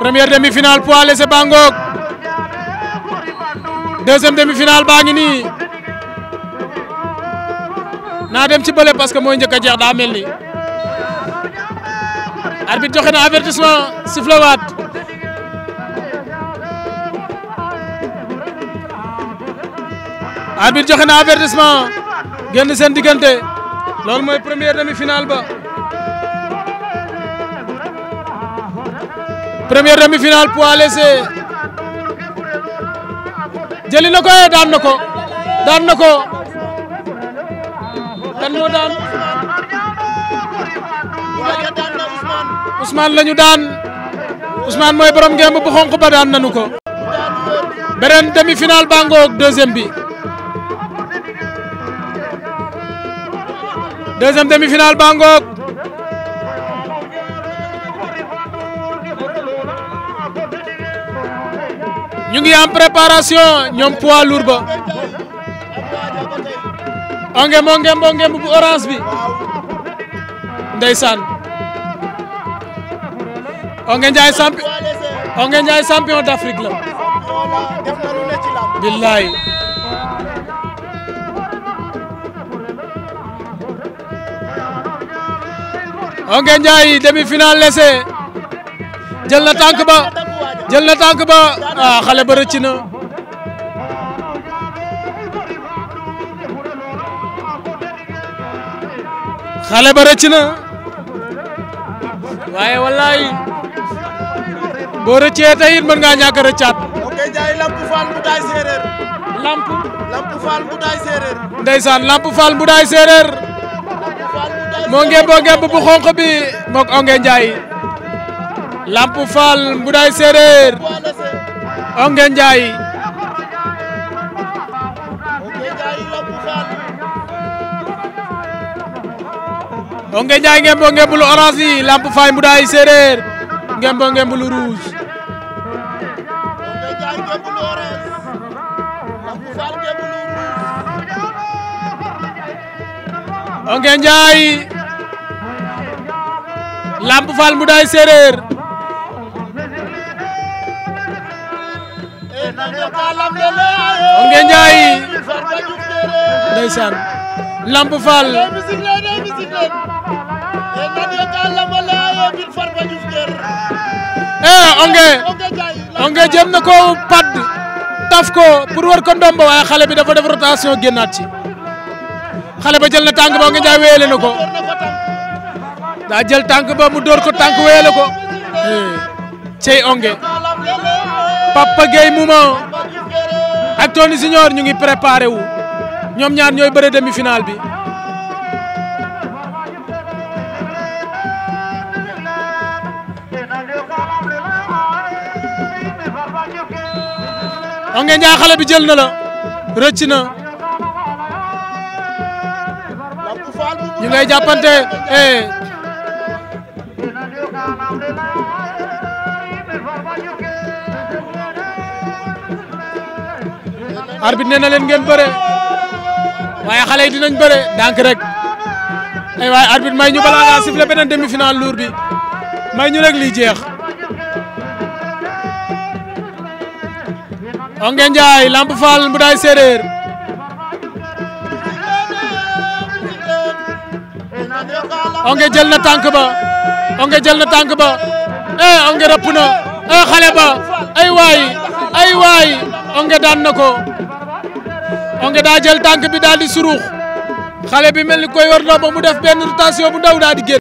première demi-finale poids léger baa ngoog deuxième demi-finale baa ngi nii naa dem ci bële parce que mooy njëkk a jeex ni arbitre joxe na avertissement sifflé waat arbitre joxe na avertissement génn seen diggante loolu mooy première demi-finale ba première demi-finale poids léger jëli na ko eh daan na ko daan na ko kan lañu daan Ousmane mooy borom ngemb bu ba daan nañu ko beneen demi-finale baa ngoog deuxième bi deuxième demi-finale baa ñu ngi am préparation ñoom poids lourd ba onge moo bu orange bi ndeysaan onge Njaay champion onge la billaay onge Njaay demi-finale laissé jël na tànk ba jël na tànk ba ah xale ba rëcc na waaye wallaay boo rëccee tey mën ngaa ñàkk a rëccaat. ok jaay lamp faal bu daay séeréer. lamp bu daay bi moog onge Lamp Fall Mboudaye Sereer Ongué Ndiaye Ongué Ndiaye Lamp Fall Mboudaye Sereer ngembo ngembulu rouge Ongué Ndiaye Lamp Fall Mboudaye Sereer Ongué Ndiaye ndeysaan Lamp Fall eh Ongué Ongué jëm na ko pad taf ko pour war ko ndomba waaye xale bi dafa def rotation génnaat ci xale ba jël na tànk ba Ongué Ndiaye weele na ko daa jël tànk ba mu dóor ko tànk weele ko eh, cey Ongué Papa Gueye Mouma ak Tony Junior ñu ngi préparé ñoom ñaar ñooy bëre demi bi. onge njaa bi jël na rëcc na ñu ngay jàppante eh arbitre nee na leen ngeen bëre waaye xale yi dinañ bëre dank rek ay waaye may ñu balaa ngaa sifflé beneen demi-finale lourd bi may ñu rek lii jeex Ongué Ndiaye Lamp Fall Mboudaye Séeréer Ongué jël na tànk ba Ongué jël na tànk ba eh Ongué rëpp na eh xale ba ay waay ay daan na ko Ongué daa jël tànk bi daal di surux xale bi mel ni koy war ndomba mu def benn rotation bu ndaw daal di génn.